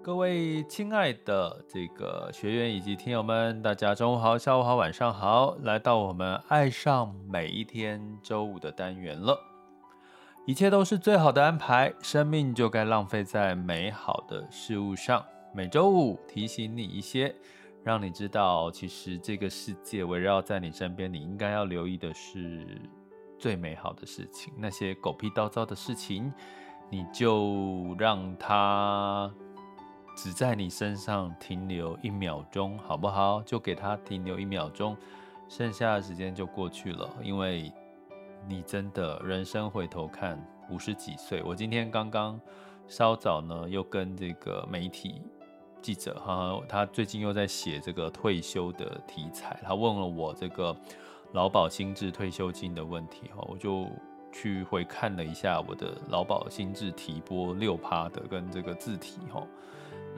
各位親愛的這個學員以及聽友們，大家中午好，下午好，晚上好，來到我們愛上每一天週五的單元了。一切都是最好的安排，生命就該浪費在美好的事物上。每週五提醒你一些，讓你知道，其實這個世界圍繞在你身邊，你應該要留意的是最美好的事情，那些狗屁倒灶的事情，你就讓它。只在你身上停留一秒鐘，好不好？就給他停留一秒鐘，剩下的時間就過去了。因為你真的人生回頭看五十幾歲，我今天剛剛稍早呢，又跟這個媒體記者哈，他最近又在寫這個退休的題材，他問了我這個勞保薪資退休金的問題哈，我就去回看了一下我的勞保薪資提撥六趴的跟這個字體。哈。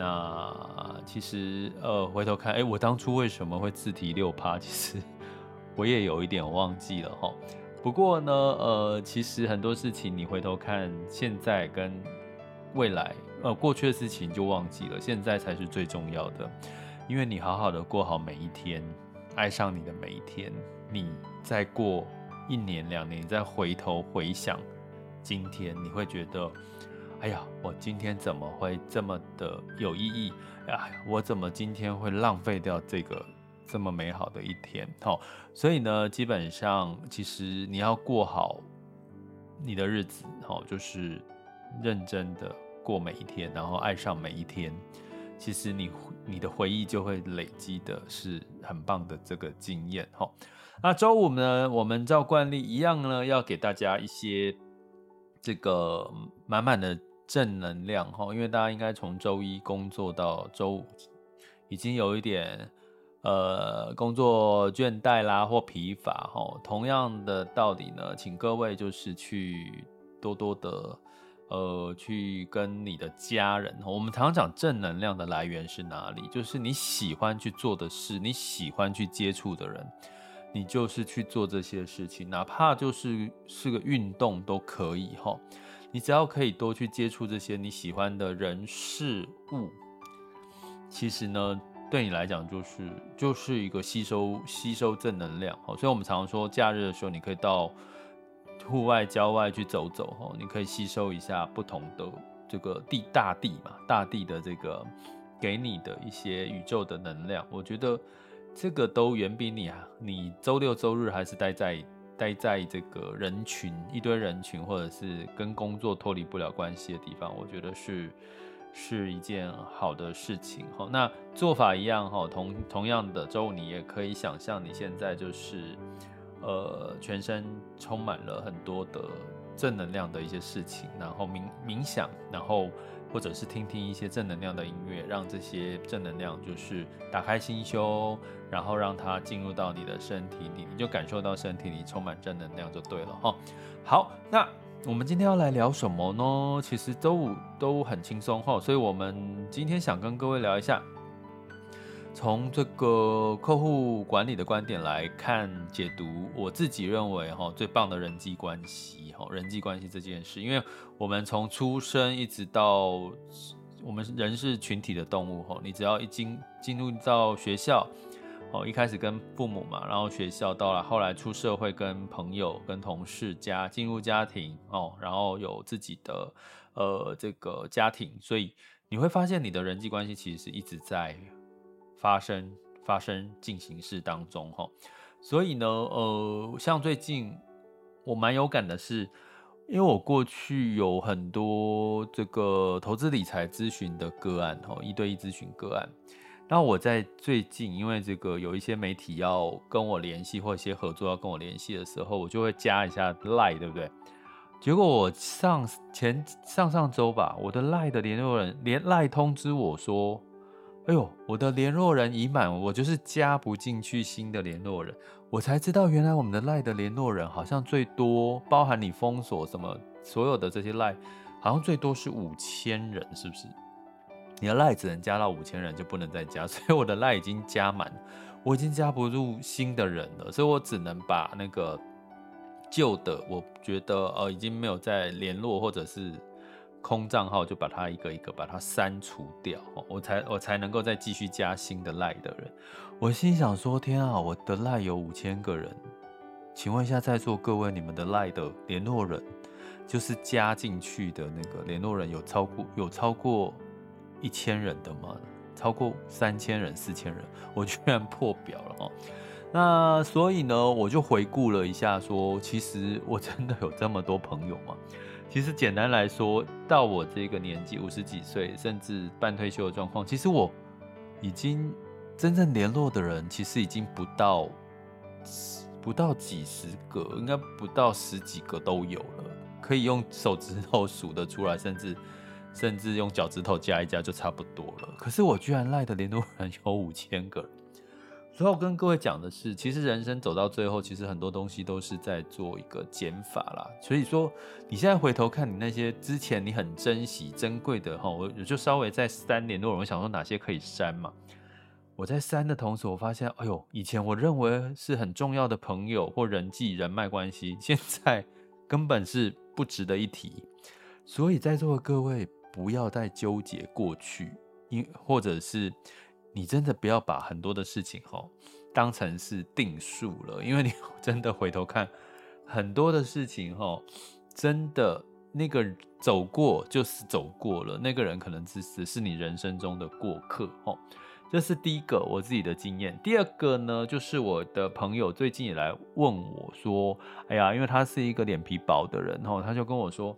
那其實，呃，回頭看，欸，我當初為什麼會自提六趴？其實我也有一點忘記了哈。不過呢，呃，其實很多事情你回頭看，現在跟未來，呃，過去的事情就忘記了，現在才是最重要的。因為你好好的過好每一天，愛上你的每一天，你再過一年兩年，再回頭回想今天，你會覺得。哎呀，我今天怎麼會這麼的有意義？哎呀，我怎麼今天會浪費掉這個這麼美好的一天？哈、哦，所以呢，基本上其實你要過好你的日子，哈、哦，就是認真的過每一天，然後愛上每一天。其實你你的回憶就會累積的是很棒的這個經驗，哈、哦。那週五呢，我們照慣例一樣呢，要給大家一些這個滿滿的。正能量哈，因為大家應該從週一工作到週五，已經有一點呃工作倦怠啦或疲乏哈。同樣的道理呢，請各位就是去多多的呃去跟你的家人。我們常常講正能量的來源是哪裡？就是你喜歡去做的事，你喜歡去接觸的人，你就是去做這些事情，哪怕就是是個運動都可以哈。你只要可以多去接觸這些你喜歡的人事物，其實呢，對你來講就是就是一個吸收吸收正能量哦。所以，我們常常說，假日的時候你可以到戶外郊外去走走哦，你可以吸收一下不同的這個地大地嘛，大地的這個給你的一些宇宙的能量。我覺得這個都遠比你啊，你周六周日還是待在。待在這個人群，一堆人群，或者是跟工作脫離不了關係的地方，我覺得是是一件好的事情。哈，那做法一樣，哈，同同樣的周五，你也可以想象你現在就是，呃，全身充滿了很多的正能量的一些事情，然後冥冥想，然後。或者是聽聽一些正能量的音樂，讓這些正能量就是打開心胸，然後讓它進入到你的身體裡，你就感受到身體裡充滿正能量就對了哈。好，那我們今天要來聊什麼呢？其實周五都很輕鬆哈，所以我們今天想跟各位聊一下。從這個客戶管理的觀點來看解讀，我自己認為哈，最棒的人際關係哈，人際關係這件事，因為我們從出生一直到我們人是群體的動物哈，你只要一進進入到學校哦，一開始跟父母嘛，然後學校到了後來出社會跟朋友、跟同事家、家進入家庭哦，然後有自己的呃這個家庭，所以你會發現你的人際關係其實是一直在。發生發生進行式當中，哈，所以呢，呃，像最近我蠻有感的是，因為我過去有很多這個投資理財諮詢的個案，哈，一對一諮詢個案。那我在最近，因為這個有一些媒體要跟我聯繫，或一些合作要跟我聯繫的時候，我就會加一下 LINE，對不對？結果我上前上上周吧，我的 LINE 的聯絡人連 LINE 通知我說。哎呦，我的聯絡人已滿，我就是加不進去新的聯絡人。我才知道，原來我們的賴的聯絡人好像最多包含你封鎖什麼，所有的這些賴好像最多是五千人，是不是？你的賴只能加到五千人，就不能再加。所以我的賴已經加滿，我已經加不入新的人了，所以我只能把那個舊的，我覺得呃，已經沒有再聯絡或者是。空賬號就把它一個一個把它刪除掉，我才我才能夠再繼續加新的賴的人。我心想說：天啊，我的賴有五千個人，請問一下在座各位，你們的賴的聯絡人，就是加進去的那個聯絡人有，有超過有超過一千人的嗎？超過三千人、四千人？我居然破表了哦。那所以呢，我就回顧了一下說，說其實我真的有這麼多朋友嗎？其實簡單來說，到我這個年紀五十幾歲，甚至半退休的狀況，其實我已經真正聯絡的人，其實已經不到十不到幾十個，應該不到十幾個都有了，可以用手指頭數得出來，甚至甚至用腳趾頭加一加就差不多了。可是我居然賴的聯絡人有五千個人。最後跟各位講的是，其實人生走到最後，其實很多東西都是在做一個減法啦。所以說，你現在回頭看你那些之前你很珍惜、珍貴的哈，我就稍微再刪聯絡人，我想說哪些可以刪嘛。我在刪的同時，我發現，哎呦，以前我認為是很重要的朋友或人際人脈關係，現在根本是不值得一提。所以在座的各位，不要再糾結過去，因或者是。你真的不要把很多的事情哦，當成是定數了，因為你真的回頭看，很多的事情哦，真的那個走過就是走過了，那個人可能只是，是你人生中的過客哦。這是第一個我自己的經驗。第二個呢，就是我的朋友最近也來問我說：“哎呀，因為他是一個臉皮薄的人哦，他就跟我說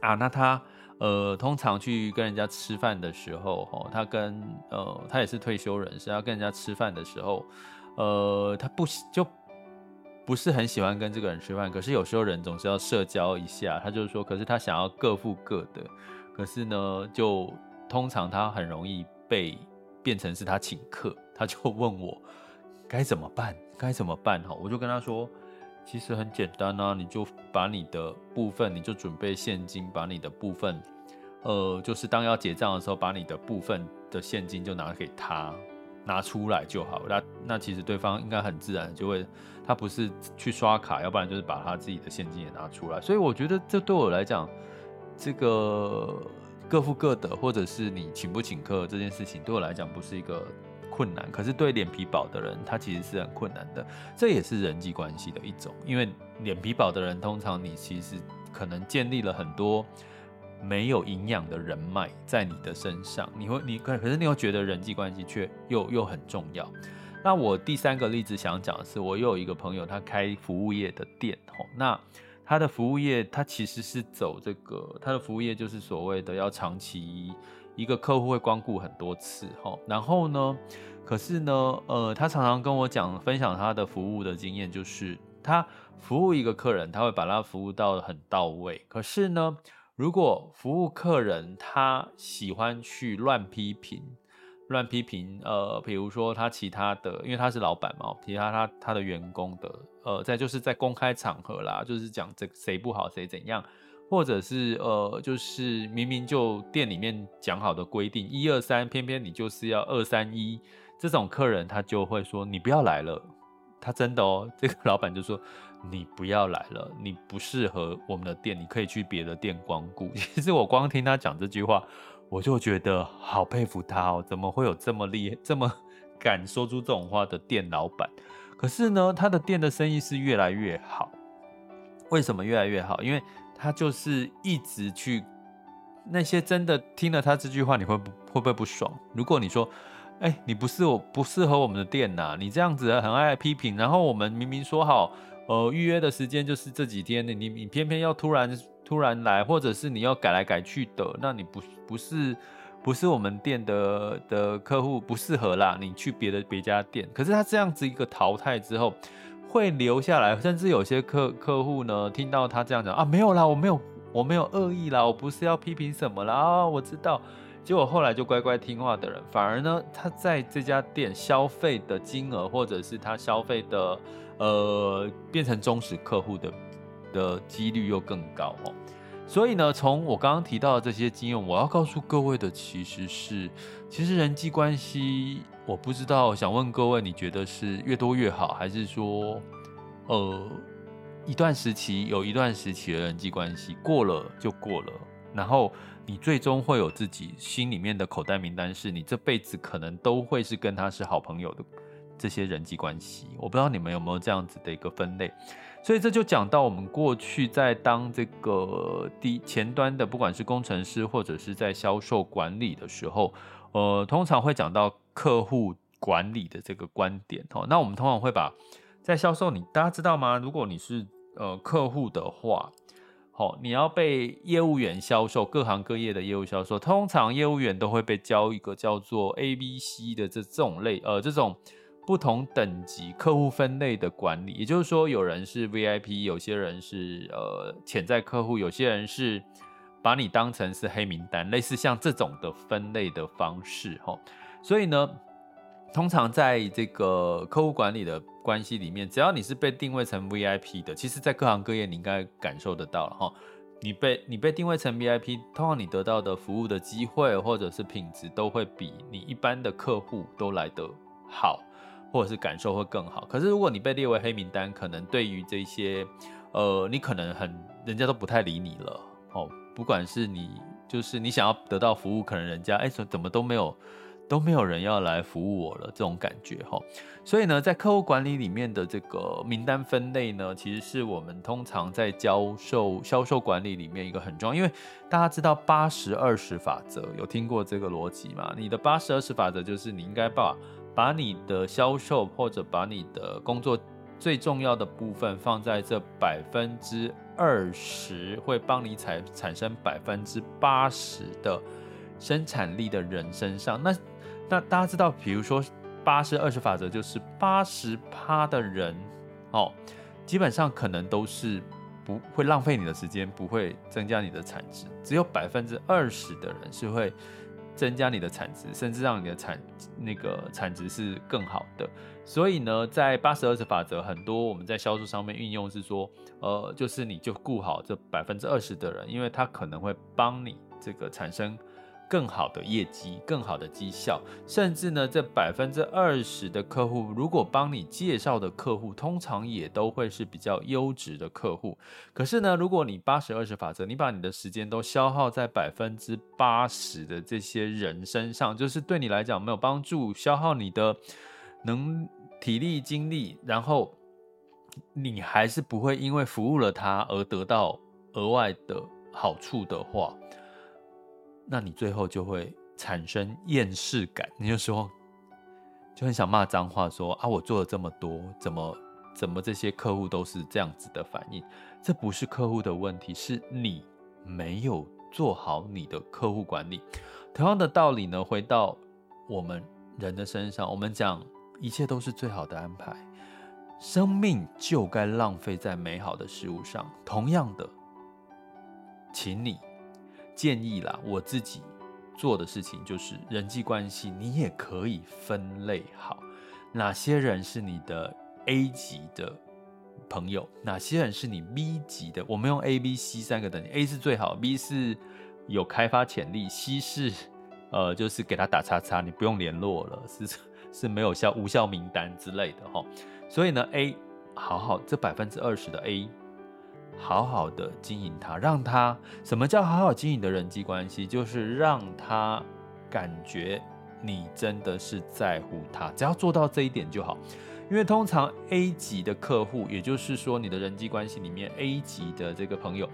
啊，那他。”呃，通常去跟人家吃飯的時候，他跟呃，他也是退休人士，是要跟人家吃飯的時候，呃，他不喜就不是很喜歡跟這個人吃飯，可是有時候人總是要社交一下，他就說，可是他想要各付各的，可是呢，就通常他很容易被變成是他請客，他就問我該怎麼辦？該怎麼辦？吼，我就跟他說。其實很簡單吶、啊，你就把你的部分，你就準備現金，把你的部分，呃，就是當要結賬的時候，把你的部分的現金就拿給他，拿出來就好。那那其實對方應該很自然就會，他不是去刷卡，要不然就是把他自己的現金也拿出來。所以我覺得這對我來講，這個各付各的，或者是你請不請客這件事情，對我來講不是一個。困難，可是對臉皮薄的人，他其實是很困難的。這也是人際關係的一種，因為臉皮薄的人，通常你其實可能建立了很多沒有營養的人脈在你的身上。你會，你可可是，你會覺得人際關係卻又又很重要。那我第三個例子想講的是，我又有一個朋友，他開服務業的店哦。那他的服務業，他其實是走這個，他的服務業就是所謂的要長期。一個客戶會光顧很多次哈，然後呢，可是呢，呃，他常常跟我講分享他的服務的經驗，就是他服務一個客人，他會把他服務到很到位。可是呢，如果服務客人，他喜歡去亂批評，亂批評，呃，比如說他其他的，因為他是老板嘛，其他他他的員工的，呃，再就是在公開場合啦，就是講這誰不好，誰怎樣。或者是呃，就是明明就店裡面講好的規定，一二三，偏偏你就是要二三一，這種客人他就會說你不要來了。他真的哦，這個老闆就說你不要來了，你不適合我們的店，你可以去別的店光顧。其實我光聽他講這句話，我就覺得好佩服他哦，怎麼會有這麼厲害、這麼敢說出這種話的店老闆？可是呢，他的店的生意是越來越好。為什麼越來越好？因為他就是一直去，那些真的聽了他這句話，你會會不會不爽？如果你說，哎，你不是我不適合我們的店吶，你這樣子很愛批評，然後我們明明說好，呃，預約的時間就是這幾天，你你偏偏要突然突然來，或者是你要改來改去的，那你不不是不是我們店的的客戶不適合啦，你去別的別家店。可是他這樣子一個淘汰之後。會留下來，甚至有些客客戶呢，聽到他這樣講啊，沒有啦，我沒有，我沒有惡意啦，我不是要批評什麼啦，我知道。結果後來就乖乖聽話的人，反而呢，他在這家店消費的金額，或者是他消費的，呃，變成忠實客戶的的幾率又更高。所以呢，從我剛剛提到的這些經驗，我要告訴各位的其實是，其實人際關係。我不知道，想問各位，你覺得是越多越好，還是說，呃，一段時期有一段時期的人際關係，過了就過了，然後你最終會有自己心裡面的口袋名單，是你這輩子可能都會是跟他是好朋友的這些人際關係？我不知道你們有沒有這樣子的一個分類。所以這就講到我們過去在當這個第前端的，不管是工程師或者是在銷售管理的時候。呃，通常會講到客戶管理的這個觀點哦。那我們通常會把在銷售你，你大家知道嗎？如果你是呃客戶的話，哦，你要被業務員銷售，各行各業的業務銷售，通常業務員都會被教一個叫做 ABC 的這這種類呃這種不同等級客戶分類的管理。也就是說，有人是 VIP，有些人是呃潛在客戶，有些人是。把你當成是黑名單，類似像這種的分類的方式。所以呢，通常在這個客戶管理的關係裡面，只要你是被定位成 VIP 的，其實，在各行各業你應該感受得到了。你被你被定位成 VIP，通常你得到的服務的機會或者是品質，都會比你一般的客戶都來得好，或者是感受會更好。可是如果你被列為黑名單，可能對於這些呃，你可能很，人家都不太理你了哦。不管是你，就是你想要得到服務，可能人家哎、欸，怎麼都沒有，都沒有人要來服務我了，這種感覺哈。所以呢，在客戶管理裡面的這個名單分類呢，其實是我們通常在銷售銷售管理裡面一個很重要。因為大家知道八十二十法則，有聽過這個邏輯嗎？你的八十二十法則就是你應該把把你的銷售或者把你的工作最重要的部分放在這百分之。二十會幫你產產生百分之八十的生產力的人身上，那那大家知道，比如說八十二十法則，就是八十趴的人哦，基本上可能都是不會浪費你的時間，不會增加你的產值，只有百分之二十的人是會。增加你的產值，甚至讓你的產那個產值是更好的。所以呢，在八十二十法則，很多我們在銷售上面運用是說，呃，就是你就顧好這百分之二十的人，因為他可能會幫你這個產生。更好的業績，更好的績效，甚至呢，這百分之二十的客戶，如果幫你介紹的客戶，通常也都會是比較優質的客戶。可是呢，如果你八十二十法則，你把你的時間都消耗在百分之八十的這些人身上，就是對你來講沒有幫助，消耗你的能體力、精力，然後你還是不會因為服務了他而得到額外的好處的話，那你最後就會產生厭世感，你就說，就很想罵髒話說，說啊，我做了這麼多，怎麼怎麼這些客戶都是這樣子的反應？這不是客戶的問題，是你沒有做好你的客戶管理。同樣的道理呢，回到我們人的身上，我們講一切都是最好的安排，生命就該浪費在美好的事物上。同樣的，請你。建議啦，我自己做的事情就是人際關係，你也可以分類好，哪些人是你的 A 級的朋友，哪些人是你 B 級的。我們用 A、B、C 三個等級，A 是最好，B 是有開發潛力，C 是呃，就是給他打叉叉，你不用聯絡了，是是沒有效無效名單之類的齁。所以呢，A 好好這百分之二十的 A，好好的經營他，讓他什麼叫好好經營的人際關係？就是讓他感覺你真的是在乎他，只要做到這一點就好。因為通常 A 級的客戶，也就是說你的人際關係裡面 A 級的這個朋友，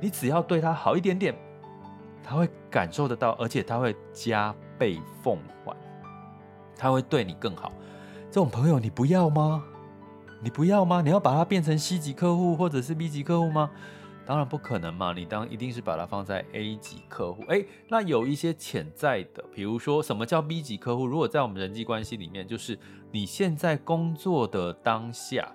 你只要對他好一點點，他會感受得到，而且他會加倍奉還，他會對你更好。這種朋友你不要嗎？你不要嗎？你要把它變成 C 級客戶或者是 B 級客戶嗎？當然不可能嘛！你當一定是把它放在 A 級客戶。誒，那有一些潛在的，比如說什麼叫 B 級客戶？如果在我們人際關係裡面，就是你現在工作的當下，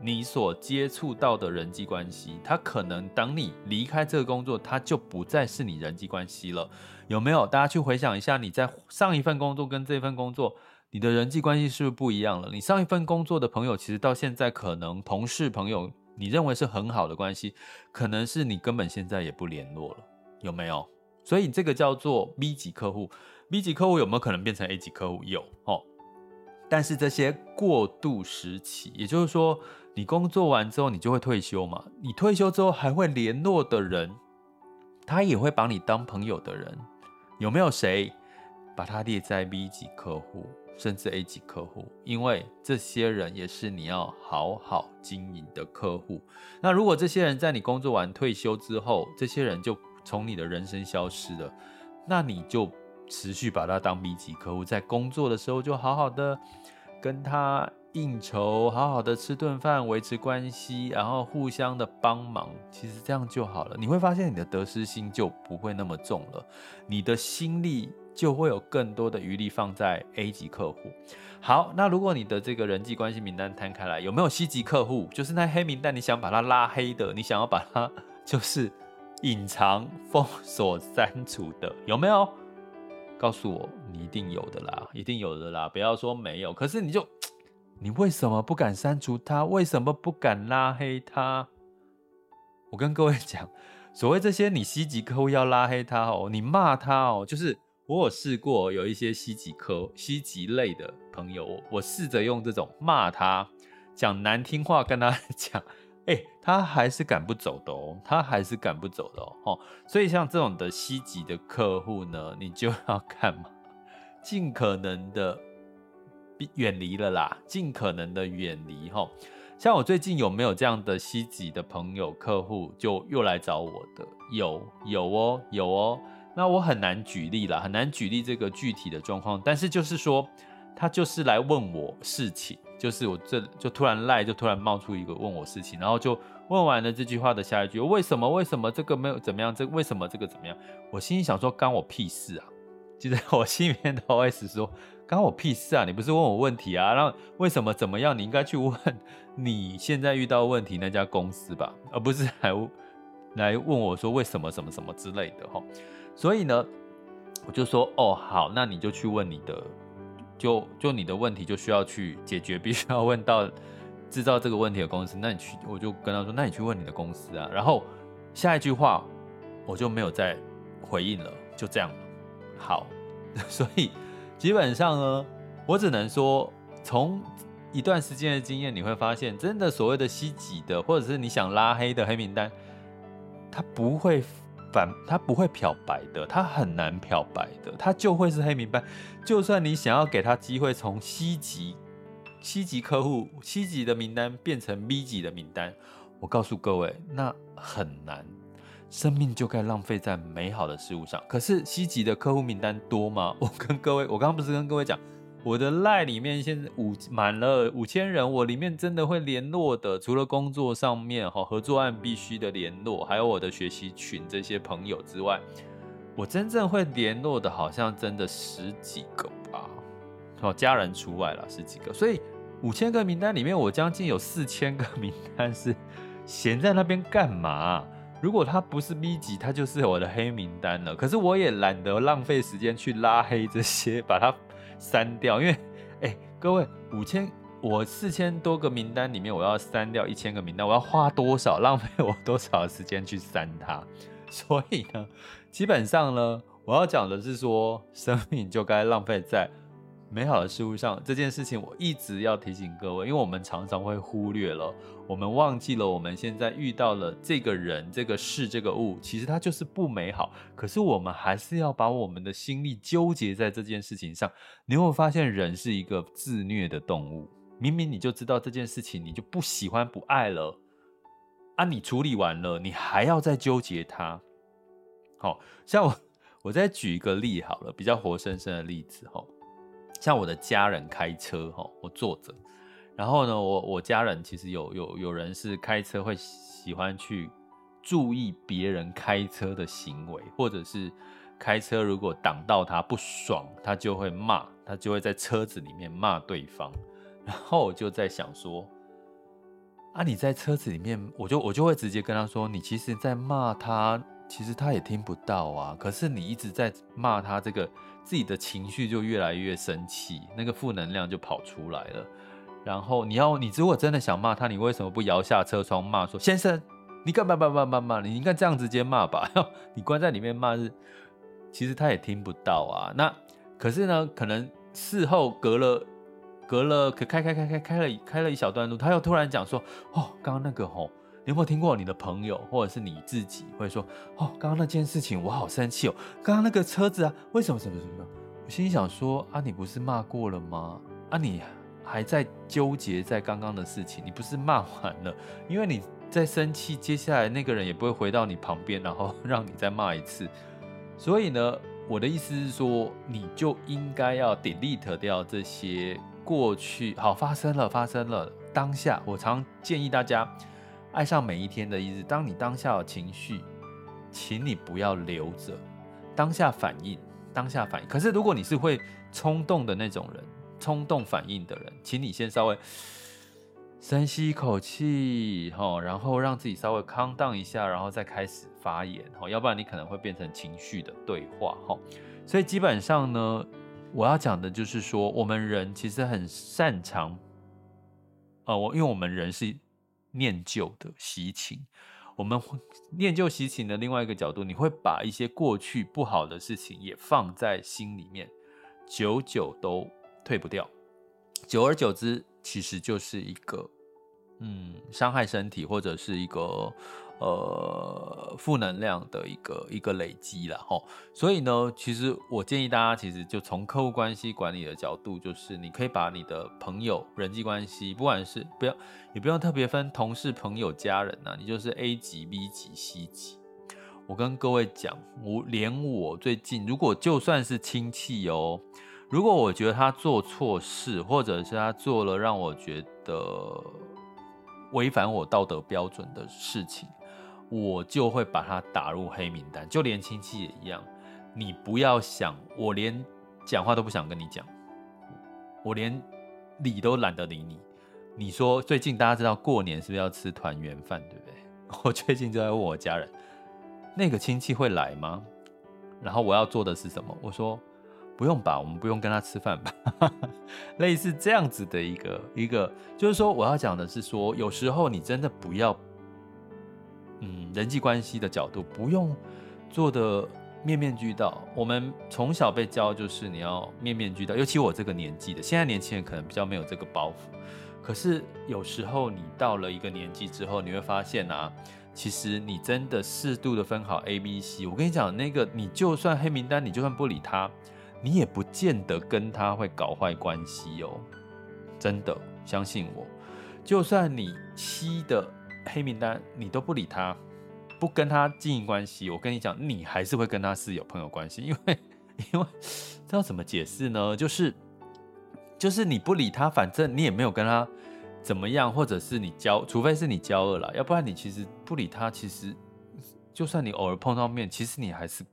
你所接觸到的人際關係，它可能當你離開這個工作，它就不再是你人際關係了，有沒有？大家去回想一下，你在上一份工作跟這份工作。你的人際關係是不是不一樣了？你上一份工作的朋友，其實到現在可能同事、朋友，你認為是很好的關係，可能是你根本現在也不聯絡了，有沒有？所以這個叫做 B 級客戶。B 級客戶有沒有可能變成 A 級客戶？有哦。但是這些過渡時期，也就是說你工作完之後，你就會退休嘛，你退休之後還會聯絡的人，他也會把你當朋友的人，有沒有誰把他列在 B 級客戶？甚至 A 級客戶，因為這些人也是你要好好經營的客戶。那如果這些人在你工作完退休之後，這些人就從你的人生消失了，那你就持續把他當 B 級客戶，在工作的時候就好好的跟他應酬，好好的吃頓飯，維持關係，然後互相的幫忙，其實這樣就好了。你會發現你的得失心就不會那麼重了，你的心力。就會有更多的餘力放在 A 級客戶。好，那如果你的這個人際關係名單攤開來，有沒有 C 級客戶？就是那黑名單，你想把它拉黑的，你想要把它就是隱藏、封鎖、刪除的，有沒有？告訴我，你一定有的啦，一定有的啦，不要說沒有。可是你就，你為什麼不敢刪除他？為什麼不敢拉黑他？我跟各位講，所謂這些你 C 級客戶要拉黑他哦，你罵他哦，就是。我試過有一些消極客、消極類的朋友，我試着用這種罵他、講難聽話跟他講，哎、欸，他還是趕不走的哦，他還是趕不走的哦，哦，所以像這種的消極的客戶呢，你就要幹嘛？盡可能的遠離了啦，盡可能的遠離，哈、哦。像我最近有沒有這樣的消極的朋友、客戶，就又來找我的？有，有哦，有哦。那我很難舉例了，很難舉例這個具體的狀況。但是就是說，他就是來問我事情，就是我這就突然賴、like,，就突然冒出一個問我事情，然後就問完了這句話的下一句，為什麼？為什麼這個沒有怎麼樣？這個、為什麼這個怎麼樣？我心裡想說，干我屁事啊！其實我心裡面 OS 說，干我屁事啊！你不是問我問題啊？那為什麼怎麼樣？你應該去問你現在遇到問題那家公司吧，而不是還來,來問我說為什麼什麼什麼之類的吼。所以呢，我就說哦，好，那你就去問你的，就就你的問題就需要去解決，必須要問到制造這個問題的公司。那你去，我就跟他說，那你去問你的公司啊。然後下一句話我就沒有再回應了，就這樣。好，所以基本上呢，我只能說，從一段時間的經驗，你會發現，真的所謂的 C 級的，或者是你想拉黑的黑名單，它不會。斑，它不會漂白的，它很難漂白的，它就會是黑名單。就算你想要給他機會，從 C 級、C 級客戶、C 級的名單變成 B 級的名單，我告訴各位，那很難。生命就該浪費在美好的事物上。可是 C 級的客戶名單多嗎？我跟各位，我剛剛不是跟各位講。我的 LINE 裡面現在五滿了五千人，我裡面真的會聯絡的，除了工作上面和合作案必須的聯絡，還有我的學習群這些朋友之外，我真正會聯絡的，好像真的十幾個吧，家人除外了十幾個，所以五千個名單裡面，我將近有四千個名單是閒在那邊幹嘛？如果他不是 B 級，他就是我的黑名單了。可是我也懶得浪費時間去拉黑這些，把他。刪掉，因為，哎、欸，各位，五千，我四千多個名單裡面，我要刪掉一千個名單，我要花多少，浪費我多少時間去刪它？所以呢，基本上呢，我要講的是說，生命就該浪費在。美好的事物上這件事情，我一直要提醒各位，因為我們常常會忽略了，我們忘記了我們現在遇到了這個人、這個事、這個物，其實它就是不美好。可是我們還是要把我們的心力糾結在這件事情上。你有沒有發現，人是一個自虐的動物？明明你就知道這件事情，你就不喜歡、不愛了啊！你處理完了，你還要再糾結它。好，像我，我再舉一個例好了，比較活生生的例子哈。像我的家人開車，哈，我坐着，然後呢，我我家人其實有有有人是開車會喜歡去注意別人開車的行為，或者是開車如果擋到他不爽，他就會罵，他就會在車子裡面罵對方。然後我就在想說，啊，你在車子裡面，我就我就會直接跟他說，你其實在罵他。其實他也聽不到啊，可是你一直在罵他，這個自己的情緒就越來越生氣，那個負能量就跑出來了。然後你要，你如果真的想罵他，你為什麼不搖下車窗罵說：“ 先生，你幹嘛，幹嘛，幹嘛，你應該這樣直接罵吧？ 你關在裡面罵是，其實他也聽不到啊。那可是呢，可能事後隔了，隔了，可開開開開開了，開了一小段路，他又突然講說：哦，剛剛那個吼、哦。”你有沒有聽過你的朋友，或者是你自己，會說哦，剛剛那件事情我好生氣哦，剛剛那個車子啊，為什麼什麼什麼？我心裡想說啊，你不是罵過了嗎？啊，你還在糾結在剛剛的事情，你不是罵完了？因為你在生氣，接下來那個人也不會回到你旁邊，然後讓你再罵一次。所以呢，我的意思是說，你就應該要 delete 掉這些過去，好，發生了，發生了。當下我常建議大家。愛上每一天的意思。當你當下有情緒，請你不要留着，當下反應，當下反應。可是如果你是會衝動的那種人，衝動反應的人，請你先稍微深吸一口氣，哈，然後讓自己稍微康盪一下，然後再開始發言，哈，要不然你可能會變成情緒的對話，哈。所以基本上呢，我要講的就是說，我們人其實很擅長，呃，我因為我們人是。念舊的習情，我們念舊習情的另外一個角度，你會把一些過去不好的事情也放在心裡面，久久都退不掉，久而久之，其實就是一個。嗯，傷害身體或者是一個呃負能量的一個一個累積了吼。所以呢，其實我建議大家，其實就從客戶關係管理的角度，就是你可以把你的朋友、人際關係，不管是不要，也不用特別分同事、朋友、家人吶、啊，你就是 A 級、B 級、C 級。我跟各位講，我連我最近，如果就算是親戚哦，如果我覺得他做錯事，或者是他做了讓我覺得。違反我道德標準的事情，我就會把它打入黑名單。就連親戚也一樣，你不要想，我連講話都不想跟你講，我連理都懶得理你。你說最近大家知道過年是不是要吃團圓飯，對不對？我最近就在問我家人，那個親戚會來嗎？然後我要做的是什麼？我說，不用吧，我們不用跟他吃飯吧。 類似這樣子的一個一個，就是說我要講的是說，有時候你真的不要，嗯，人際關係的角度不用做的面面俱到。我們從小被教就是你要面面俱到，尤其我這個年紀的，現在年輕人可能比較沒有這個包袱。可是有時候你到了一個年紀之後，你會發現啊，其實你真的適度的分好 A、B、C。我跟你講，那個你就算黑名單，你就算不理他。你也不見得跟他會搞壞關係哦，真的相信我，就算你吸的黑名單，你都不理他，不跟他經營關係，我跟你講，你還是會跟他是有朋友關係，因為因為這要怎麼解釋呢？就是就是你不理他，反正你也沒有跟他怎麼樣，或者是你交，除非是你交惡了，要不然你其實不理他，其實就算你偶爾碰到面，其實你還是。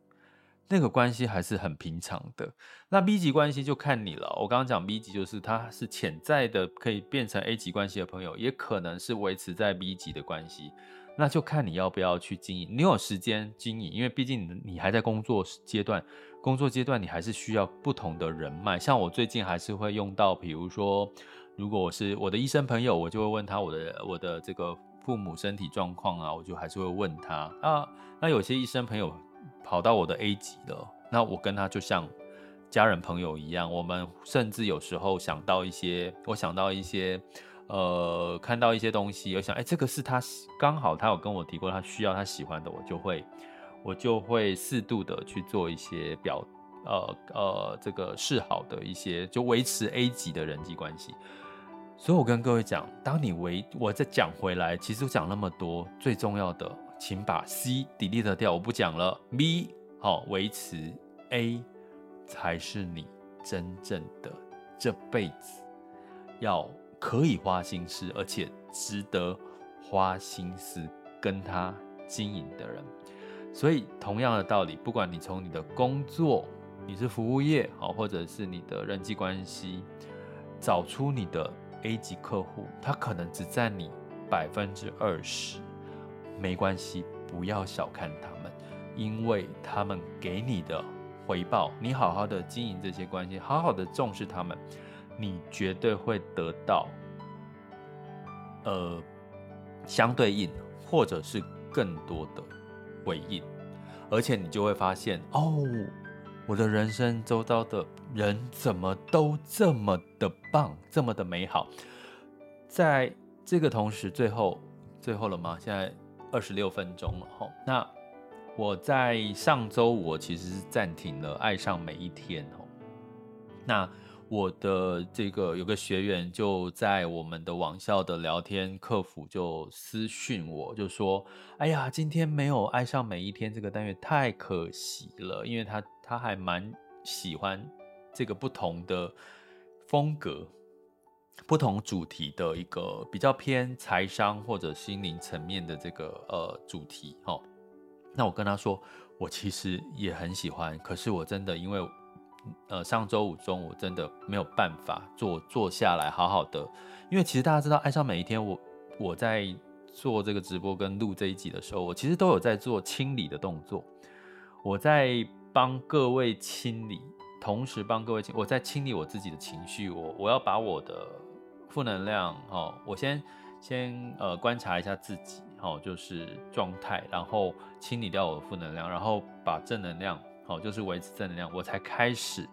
那個關係還是很平常的，那 B 級關係就看你了。我剛剛講 B 級就是他是潛在的可以變成 A 級關係的朋友，也可能是維持在 B 級的關係，那就看你要不要去經營。你有時間經營，因為畢竟你還在工作階段，工作階段你還是需要不同的人脈。像我最近還是會用到，比如說，如果我是我的醫生朋友，我就會問他我的我的這個父母身體狀況啊，我就還是會問他啊。那有些醫生朋友。跑到我的 A 級了，那我跟他就像家人朋友一樣，我們甚至有時候想到一些，我想到一些，呃，看到一些東西，我想，哎、欸，這個是他剛好他有跟我提過，他需要他喜歡的，我就會我就會適度的去做一些表，呃呃，這個示好的一些，就維持 A 級的人際關係。所以我跟各位講，當你維，我再講回來，其實我講那麼多，最重要的。請把 C delete 掉，我不講了。B 好、哦，維持 A 才是你真正的這輩子要可以花心思，而且值得花心思跟他經營的人。所以同樣的道理，不管你從你的工作，你是服務業好、哦，或者是你的人際關係，找出你的 A 級客戶，他可能只佔你百分之二十。沒關係，不要小看他們，因為他們給你的回報，你好好的經營這些關係，好好的重視他們，你絕對會得到，呃，相對應或者是更多的回應，而且你就會發現哦，我的人生周遭的人怎麼都這麼的棒，這麼的美好，在這個同時，最後，最後了嗎？現在。二十六分鐘了哈，那我在上周我其實是暫停了《愛上每一天》哦，那我的這個有個學員就在我們的網校的聊天客服就私訊我就說：“哎呀，今天沒有愛上每一天這個單元太可惜了，因為他他還蠻喜歡這個不同的風格。”不同主題的一個比較偏財商或者心靈層面的這個呃主題哦，那我跟他說，我其實也很喜歡，可是我真的因為呃上週五中午真的沒有辦法坐坐下來好好的，因為其實大家知道愛上每一天我，我我在做這個直播跟錄這一集的時候，我其實都有在做清理的動作，我在幫各位清理，同時幫各位清，我在清理我自己的情緒，我我要把我的。負能量，哦，我先先呃觀察一下自己，哦，就是狀態，然後清理掉我的負能量，然後把正能量，哦，就是維持正能量，我才開始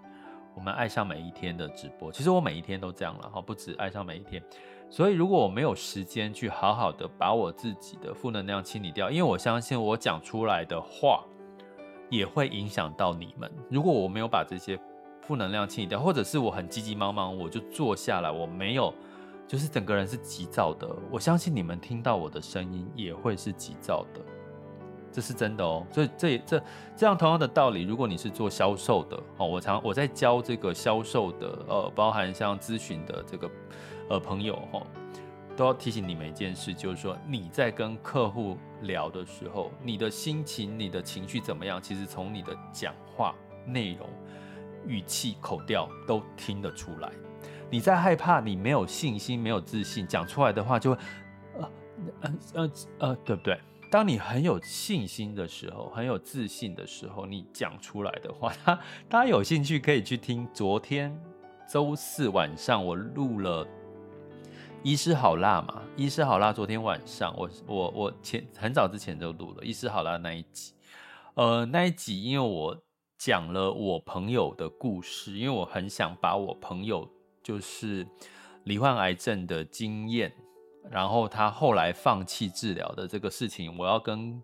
我們愛上每一天的直播。其實我每一天都這樣了，哈，不止愛上每一天。所以如果我沒有時間去好好的把我自己的負能量清理掉，因為我相信我講出來的話也會影響到你們。如果我沒有把這些負能量清理掉，或者是我很急急忙忙，我就坐下來，我沒有。就是整個人是急躁的，我相信你們聽到我的聲音也會是急躁的，這是真的哦。所以這也這這樣同樣的道理，如果你是做銷售的哦，我常我在教這個銷售的呃，包含像諮詢的這個呃朋友哈，都要提醒你們一件事，就是說你在跟客戶聊的時候，你的心情、你的情緒怎麼樣，其實從你的講話內容、語氣、口調都聽得出來。你在害怕，你沒有信心，沒有自信，講出來的話就會呃，呃，呃，呃，呃，對不對？當你很有信心的時候，很有自信的時候，你講出來的話，他大家有興趣可以去聽。昨天週四晚上我錄了《醫師好辣》嘛，《醫師好辣》昨天晚上我我我前很早之前就錄了《醫師好辣》那一集，呃，那一集因為我講了我朋友的故事，因為我很想把我朋友。就是罹患癌症的經驗，然後他後來放棄治療的這個事情，我要跟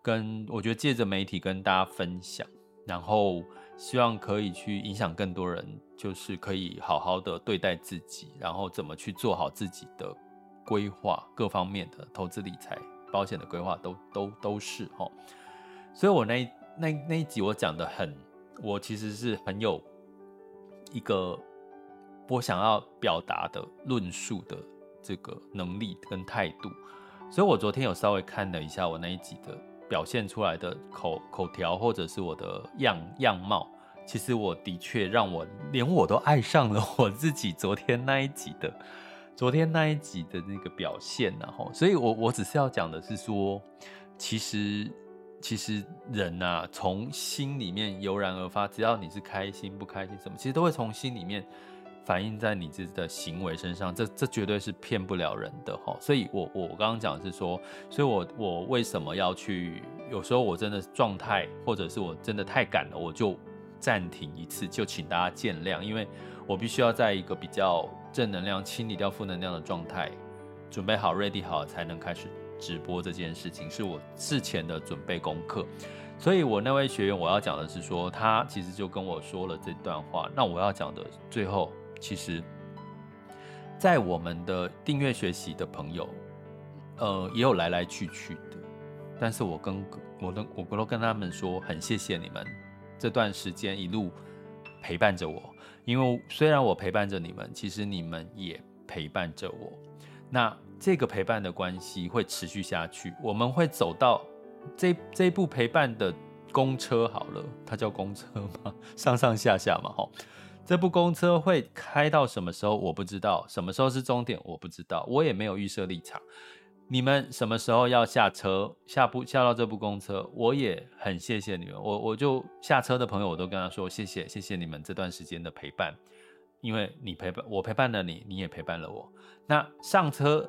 跟我覺得借着媒體跟大家分享，然後希望可以去影響更多人，就是可以好好的對待自己，然後怎麼去做好自己的規劃，各方面的投資理財、保險的規劃都都都是齁，所以我那那那一集我講得很，我其實是很有一個。我想要表達的論述的這個能力跟態度，所以我昨天有稍微看了一下我那一集的表現出來的口口條或者是我的樣樣貌，其實我的確讓我連我都愛上了我自己昨天那一集的，昨天那一集的那個表現，然後，所以我我只是要講的是說，其實其實人吶、啊，從心裡面油然而發，只要你是開心不開心什麼，其實都會從心裡面。反映在你自己的行為身上，這這絕對是騙不了人的哈。所以我，我我剛剛講的是說，所以我我為什麼要去？有時候我真的狀態，或者是我真的太趕了，我就暫停一次，就請大家見諒，因為我必須要在一個比較正能量、清理掉負能量的狀態，準備好、ready 好，才能開始直播這件事情，是我事前的準備功課。所以，我那位學員，我要講的是說，他其實就跟我說了這段話。那我要講的最後。其實，在我們的訂閱學習的朋友，呃，也有來來去去的。但是我跟我都我都跟他們說，很謝謝你們這段時間一路陪伴着我。因為雖然我陪伴着你們，其實你們也陪伴着我。那這個陪伴的關係會持續下去，我們會走到這這一部陪伴的公車好了，它叫公車嗎？上上下下嘛，哈。這部公車會開到什麼時候？我不知道，什麼時候是終點，我不知道，我也沒有預設立場。你們什麼時候要下車？下不下到這部公車？我也很謝謝你們。我我就下車的朋友，我都跟他說謝謝，謝謝你們這段時間的陪伴，因為你陪伴我，陪伴了你，你也陪伴了我。那上車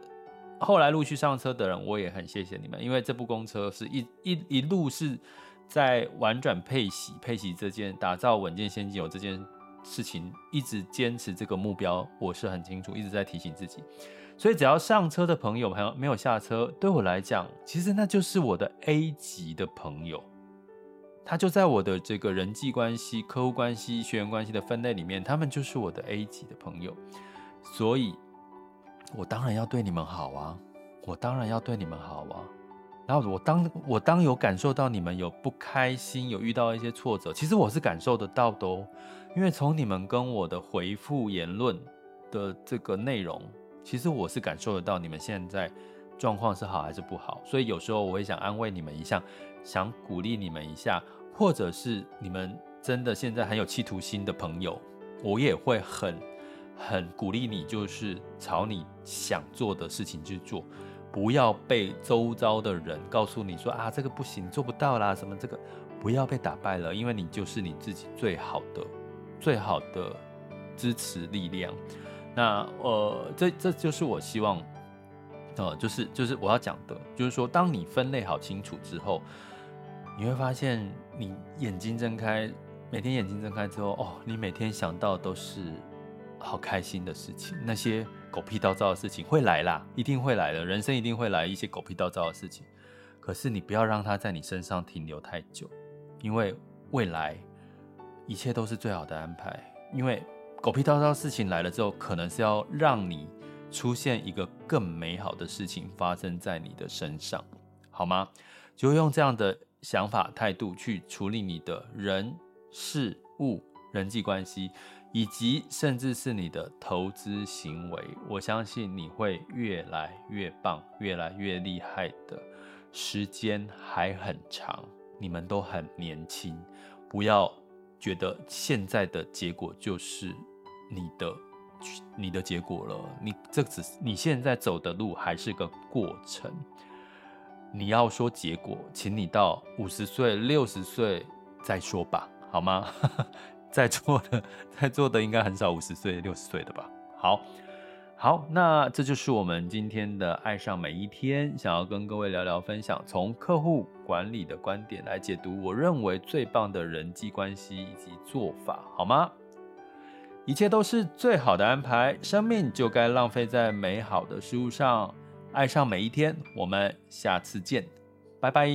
後來陸續上車的人，我也很謝謝你們，因為這部公車是一一一路是在婉轉配息配息這件打造穩健現金流，有這件。事情一直堅持這個目標，我是很清楚，一直在提醒自己。所以，只要上車的朋友還有沒有下車，對我來講，其實那就是我的 A 級的朋友。他就在我的這個人際關係、客戶關係、學員關係的分類裡面，他們就是我的 A 級的朋友。所以，我當然要對你們好啊！我當然要對你們好啊！然後我當我當有感受到你們有不開心，有遇到一些挫折，其實我是感受得到的，哦，因為從你們跟我的回復言論的這個內容，其實我是感受得到你們現在狀況是好還是不好。所以有時候我會想安慰你們一下，想鼓勵你們一下，或者是你們真的現在很有企圖心的朋友，我也會很很鼓勵你，就是朝你想做的事情去做。不要被周遭的人告訴你說啊，這個不行，做不到啦，什麼這個，不要被打敗了，因為你就是你自己最好的、最好的支持力量。那呃，這這就是我希望，呃，就是就是我要講的，就是說，當你分類好清楚之後，你會發現，你眼睛睜開，每天眼睛睜開之後，哦，你每天想到都是好開心的事情，那些。狗屁倒灶的事情會來啦，一定會來的，人生一定會來一些狗屁倒灶的事情，可是你不要讓它在你身上停留太久，因為未來一切都是最好的安排。因為狗屁倒灶的事情來了之後，可能是要讓你出現一個更美好的事情發生在你的身上，好嗎？就用這樣的想法態度去處理你的人事物、人際關係。以及甚至是你的投資行為，我相信你會越來越棒，越來越厲害的。時間還很長，你們都很年輕，不要覺得現在的結果就是你的你的結果了。你這只是你現在走的路還是個過程。你要說結果，請你到五十歲、六十歲再說吧，好嗎？ 在座的，在座的應該很少五十歲、六十歲的吧？好好，那這就是我們今天的《愛上每一天》，想要跟各位聊聊、分享，從客戶管理的觀點來解讀，我認為最棒的人際關係以及做法，好嗎？一切都是最好的安排，生命就該浪費在美好的事物上。愛上每一天，我們下次見，拜拜。